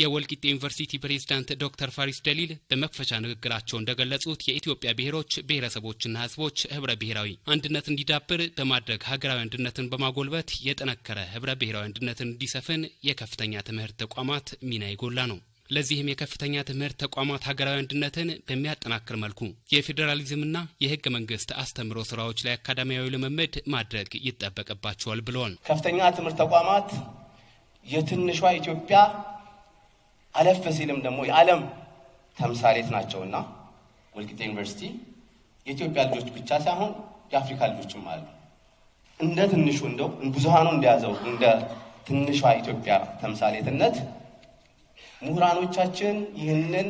የወልቂጤ ዩኒቨርሲቲ ፕሬዝዳንት ዶክተር ፋሪስ ደሊል በመክፈቻ ንግግራቸው እንደገለጹት የኢትዮጵያ ብሔሮች ብሔረሰቦችና ህዝቦች ህብረ ብሔራዊ አንድነት እንዲዳብር በማድረግ ሀገራዊ አንድነትን በማጎልበት የጠነከረ ህብረ ብሔራዊ አንድነትን እንዲሰፍን የከፍተኛ ትምህርት ተቋማት ሚና የጎላ ነው። ለዚህም የከፍተኛ ትምህርት ተቋማት ሀገራዊ አንድነትን በሚያጠናክር መልኩ የፌዴራሊዝምና የህገ መንግስት አስተምህሮ ስራዎች ላይ አካዳሚያዊ ልምምድ ማድረግ ይጠበቅባቸዋል ብለዋል። ከፍተኛ ትምህርት ተቋማት የትንሿ ኢትዮጵያ አለፍ ሲልም ደግሞ የዓለም ተምሳሌት ናቸውና ወልቂጤ ዩኒቨርሲቲ የኢትዮጵያ ልጆች ብቻ ሳይሆን የአፍሪካ ልጆችም አሉ። እንደ ትንሹ እንደው ብዙሃኑ እንደያዘው እንደ ትንሿ ኢትዮጵያ ተምሳሌትነት ምሁራኖቻችን ይህንን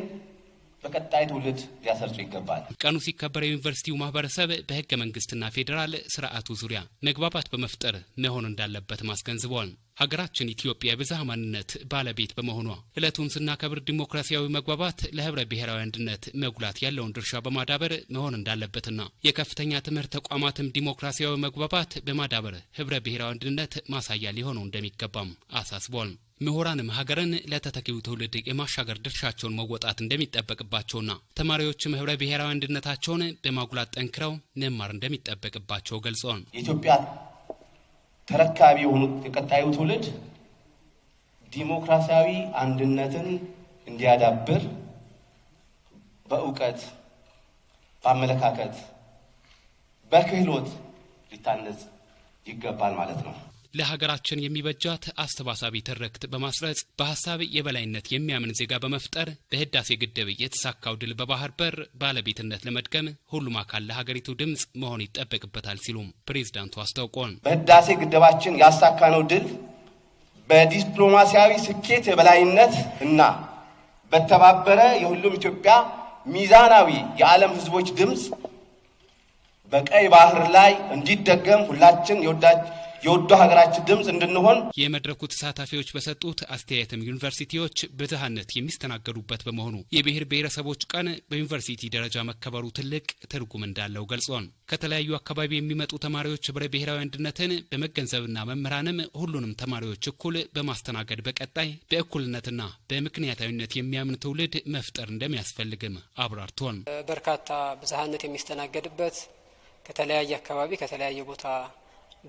በቀጣይ ትውልድ ሊያሰርጹ ይገባል። ቀኑ ሲከበር የዩኒቨርሲቲው ማህበረሰብ በህገ መንግስትና ፌዴራል ስርዓቱ ዙሪያ መግባባት በመፍጠር መሆን እንዳለበት ማስገንዝቧል። ሀገራችን ኢትዮጵያ የብዝሃ ማንነት ባለቤት በመሆኗ ዕለቱን ስናከብር ዲሞክራሲያዊ መግባባት ለህብረ ብሔራዊ አንድነት መጉላት ያለውን ድርሻ በማዳበር መሆን እንዳለበትና የከፍተኛ ትምህርት ተቋማትም ዲሞክራሲያዊ መግባባት በማዳበር ህብረ ብሔራዊ አንድነት ማሳያ ሊሆኑ እንደሚገባም አሳስቧል። ምሁራንም ሀገርን ለተተኪው ትውልድ የማሻገር ድርሻቸውን መወጣት እንደሚጠበቅባቸውና ተማሪዎችም ህብረ ብሔራዊ አንድነታቸውን በማጉላት ጠንክረው መማር እንደሚጠበቅባቸው ገልጸዋል። ኢትዮጵያ ተረካቢ የሆኑት የቀጣዩ ትውልድ ዲሞክራሲያዊ አንድነትን እንዲያዳብር በእውቀት፣ በአመለካከት፣ በክህሎት ሊታነጽ ይገባል ማለት ነው። ለሀገራችን የሚበጃት አስተባሳቢ ትርክት በማስረጽ በሀሳብ የበላይነት የሚያምን ዜጋ በመፍጠር በህዳሴ ግድብ የተሳካው ድል በባህር በር ባለቤትነት ለመድገም ሁሉም አካል ለሀገሪቱ ድምፅ መሆን ይጠበቅበታል ሲሉም ፕሬዚዳንቱ አስታውቋል። በህዳሴ ግድባችን ያሳካነው ድል በዲፕሎማሲያዊ ስኬት የበላይነት እና በተባበረ የሁሉም ኢትዮጵያ ሚዛናዊ የዓለም ህዝቦች ድምፅ በቀይ ባህር ላይ እንዲደገም ሁላችን የወዳጅ የወዱ ሀገራችን ድምፅ እንድንሆን የመድረኩ ተሳታፊዎች በሰጡት አስተያየትም ዩኒቨርሲቲዎች ብዝሃነት የሚስተናገዱበት በመሆኑ የብሔር ብሔረሰቦች ቀን በዩኒቨርሲቲ ደረጃ መከበሩ ትልቅ ትርጉም እንዳለው ገልጿል። ከተለያዩ አካባቢ የሚመጡ ተማሪዎች ህብረ ብሔራዊ አንድነትን በመገንዘብና መምህራንም ሁሉንም ተማሪዎች እኩል በማስተናገድ በቀጣይ በእኩልነትና በምክንያታዊነት የሚያምን ትውልድ መፍጠር እንደሚያስፈልግም አብራርቷል። በርካታ ብዝሃነት የሚስተናገድበት ከተለያየ አካባቢ ከተለያየ ቦታ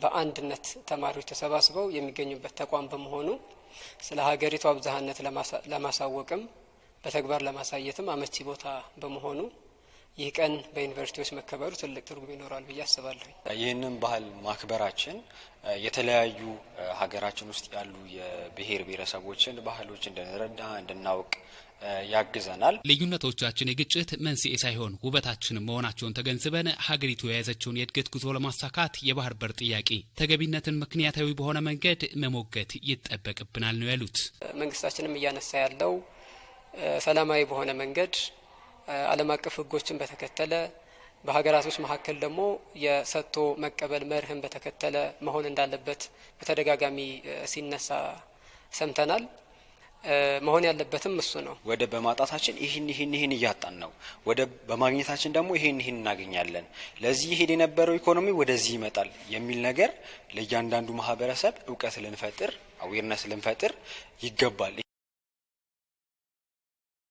በአንድነት ተማሪዎች ተሰባስበው የሚገኙበት ተቋም በመሆኑ ስለ ሀገሪቷ ብዝሃነት ለማሳወቅም በተግባር ለማሳየትም አመቺ ቦታ በመሆኑ ይህ ቀን በዩኒቨርሲቲዎች መከበሩ ትልቅ ትርጉም ይኖራል ብዬ አስባለሁ። ይህንን ባህል ማክበራችን የተለያዩ ሀገራችን ውስጥ ያሉ የብሔር ብሔረሰቦችን ባህሎች እንድንረዳ እንድናውቅ ያግዘናል። ልዩነቶቻችን የግጭት መንስኤ ሳይሆን ውበታችን መሆናቸውን ተገንዝበን ሀገሪቱ የያዘችውን የእድገት ጉዞ ለማሳካት የባህር በር ጥያቄ ተገቢነትን ምክንያታዊ በሆነ መንገድ መሞገት ይጠበቅብናል ነው ያሉት። መንግስታችንም እያነሳ ያለው ሰላማዊ በሆነ መንገድ ዓለም አቀፍ ህጎችን በተከተለ በሀገራቶች መካከል ደግሞ የሰጥቶ መቀበል መርህን በተከተለ መሆን እንዳለበት በተደጋጋሚ ሲነሳ ሰምተናል። መሆን ያለበትም እሱ ነው። ወደ በማጣታችን ይህን ይህን ይህን እያጣን ነው። ወደብ በማግኘታችን ደግሞ ይህን ይህን እናገኛለን። ለዚህ ይሄድ የነበረው ኢኮኖሚ ወደዚህ ይመጣል የሚል ነገር ለእያንዳንዱ ማህበረሰብ እውቀት ልንፈጥር፣ አዌርነስ ልንፈጥር ይገባል።